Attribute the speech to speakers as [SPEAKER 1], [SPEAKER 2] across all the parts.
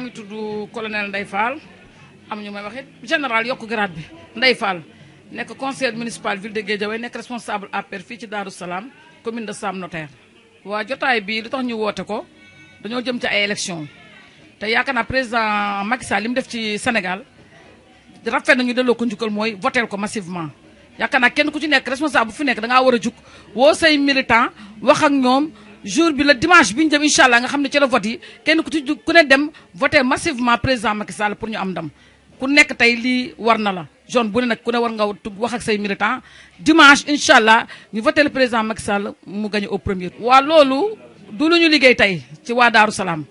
[SPEAKER 1] maa ngi tudd colonel Ndeye Fall am ñu may wax it général yokku grade bi Ndeye Fall nekk conseiller municipal ville de Guédiawaye nekk responsable APR fii ci Darou Salaam commune de Sam Notaire. waa jotaay bii li tax ñu woote ko dañoo jëm ci ay élection te yaakaar naa président Macky Sall li mu def ci Sénégal rafet nañu delloo ko njukkal mooy votel ko massivement. yaakaar naa kenn ku ci nekk responsable bu fi nekk danga war a jug woo say militant wax ñoom jour bi la dimanche bi ñu jëm incha allah nga xam ne ci la vote yi kenn ku ci ku ne dem voté massivement président Macky Sall pour ñu am ndam ku nekk tey lii war na la zone bu ne nag ku ne war nga wax ak say militant dimanche incha allah ñu voté le président Macky Sall mu gagné au premier waa loolu du lu ñu liggéey tey ci waa Daaru Salaam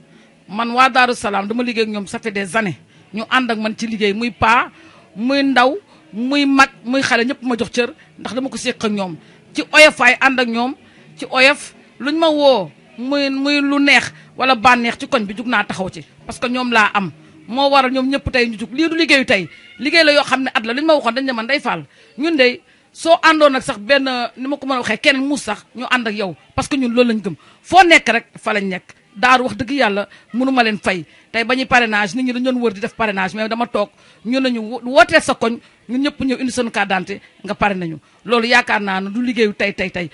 [SPEAKER 1] man waa Daaru Salaam dama liggéey ñoom ça fait des années ñu ànd ak man ci liggéey muy paa muy ndaw muy mag muy xale ñëpp ma jox cër ndax dama ko séq ak ñoom ci oyof ay ànd ak ñoom ci oyof. luñ ma woo muy muy lu neex wala bànneex ci koñ bi jug naa taxaw ci parce que ñoom laa am moo waral ñoom ñëpp tey ñu jug lii du liggéeyu tey liggéey la yoo xam ne at la luñ ma waxoon dañ ne man day fàll ñun de soo àndoon ak sax benn ni ma ko mën a waxee keneen muus sax ñu ànd ak yow parce que ñun loolu lañ gëm foo nekk rek fa lañ nekk daaru wax dëgg yàlla mënuma leen fay tey ba ñuy parrainage nit ñi dañu doon wër di def parrainage mais dama toog ñu nañu wootee sa koñ ñun ñëpp ñëw indi seen carte nga pare nañu loolu yaakaar naa ne du liggéeyu tey tey tey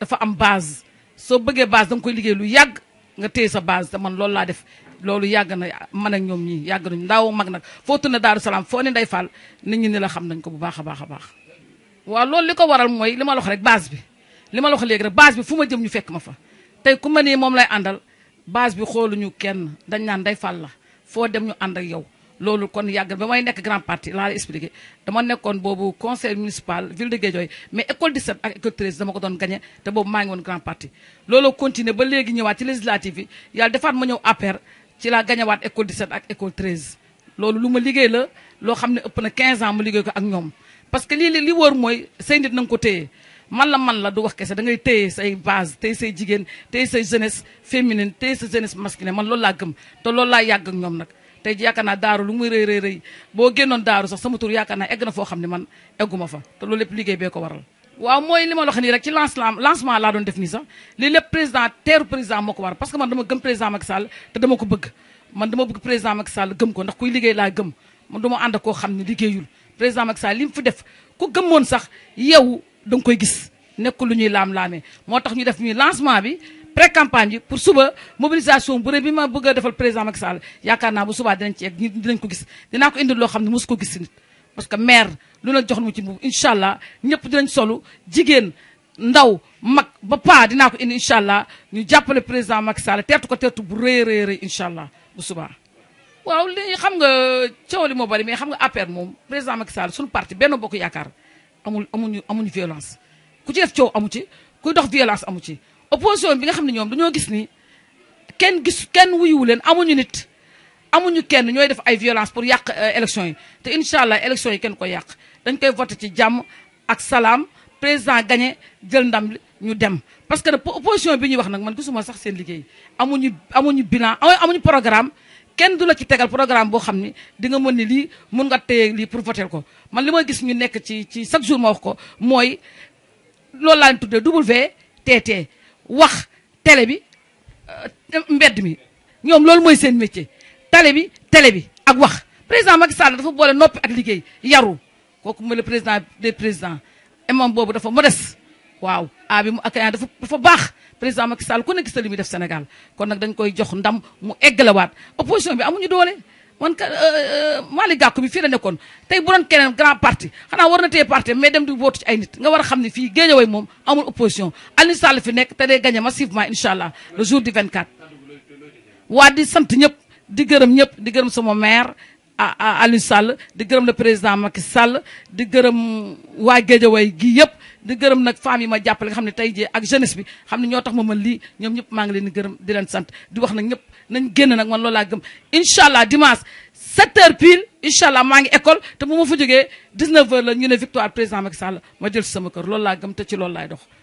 [SPEAKER 1] dafa am base soo bëggee baas danga koy liggéey lu yàgg nga téye sa base te man loolu laa def loolu yàgg na man a ñoom ñii yàgg nañu ndaw mag nag foo tunne Daaru Salaam foo ne Ndeye Fall nit ñi ni la xam nañ ko bu baax a baax a baax waaw loolu li ko waral mooy li ma loxo wax rek base bi li ma la wax léegi rek base bi fu ma jëm ñu fekk ma fa tey ku ma nii moom lay àndal base bi xooluñu kenn dañ naan Ndeye Fall la foo dem ñu ànd ak yow loolu kon yàgg ba may nekk grand parti laa la expliqué dama nekkoon boobu conseil municipal ville de Guédiawaye mais école 17 ak école 13 dama ko doon gagné te boobu maa ngi woon grand parti loolu continué ba léegi ñëwaat ci législative yi yàlla defaat ma ñëw APR ci laa gañewaat école 17 ak école 13 loolu lu ma liggéey la loo xam ne ëpp na quinze ans ma liggéey ko ak ñoom parce que lii li li wóor mooy say nit na nga ko téye la man la du wax kese da ngay téye say base téye say jigéen téye say jeunesse féminine téye sa jeunesse masculine man loolu laa gëm te loolu laa yàgg ak ñoom nag tey ji yaakaar naa daaru lu muy rëy rëy rëy boo génnoon daaru sax sama tur yaakaar naa egg na foo xam ne man egguma fa te loolu lépp liggéey bee ko waral waaw mooy li ma la wax nii rek ci lancement lancement laa doon def nii sax lii lépp président teeru président moo ko waral parce que man dama gëm président Macky Sall te dama ko bëgg gëm ko ndax kuy liggéey laa gëm man du ma ànd koo xam ne liggéeyul président Macky Sall li mu fi def ku moon sax yow da koy gis nekk lu ñuy laam-laamee moo tax ñu def ñuy lancement bi pré-campagne pour suba mobilisation bu rëy bi ma bëgg a defal président Macky Sall yakarna bu subaa dinañ ci ak dinañ ko gis dina ko indil lo xamni ne ko gis nit parce que maire lu la jox ci mbubu incha allah dinañ solo jigen ndaw mak ba pa dina ko indi inshallah ñu jàppale président Macky Sall tertu ko tertu bu rëy rëy rëy inshallah bu subaa waaw li xam nga ciowli mo bari mais xam nga APR mom président Macky Sall suñu parti benn bokk yakar amul amuñu amuñu violence ku ci def ciow amu ci kuy dox violence amu ci opposition bi nga xam ne ñoom dañoo gis ni kenn gis kenn wuyuwu leen amuñu nit amuñu kenn ñooy def ay violence pour yàq euh, élection yi te incha allah élection yi kenn ko yàq dañ koy voté ci jàmm ak salaam président gagné jël ndam ñu dem parce que nag opposition bi ñuy wax nag man gisuma sax seen liggéey amuñu amuñu bilan amuñu programme kenn du la ci tegal programme boo xam ni di nga mën ni lii mun nga téye lii pour voter ko man li ma gis ñu nekk ci ci chaque jour wax ko mooy loolu laa leen tuddee double VTT wax télé bi euh, mbedd mi ñoom loolu mooy seen métier télé bi tele bi ak wax président Macky Sall dafa boole noppi ak liggéey yaru kooku mooy le président des présidents et moom boobu dafa modeste waaw a bi mu accueillant dafa dafa baax président Macky Sall ku nekk sa li muy def Sénégal kon nag dañ koy jox ndam mu eggalawaat opposition bi amuñu doole man ka euh, euh, Malick Gakou bi fii la nekkoon tey bu keneen grand parti xanaa war na téye parti mais dem di wootu ci ay nit nga war a xam ne fii Guédiawaye moom amul opposition Aliou Sall fi nekk te day gagné massivement incha allah le jour du 24. waa di sant ñëpp di gërëm ñëpp di gërëm sama maire Aliou Sall di gërëm le président Macky Sall di gërëm waa way gi yëpp. di gërëm nag femmes yi ma jàppale nga xam ne tey jii ak jeunesse bi xam ne ñoo ma mën lii ñoom ñëpp maa ngi leen di gërëm di leen sant di wax nag ñëpp nañ génn nag man loolaa gëm incha allah dimanche 7 heures pile incha maa ngi école te bu ma fa jógee 19 heures la ñu ne victoire président Macky Sall ma jël sama kër loolu laa gëm te ci loolu laay dox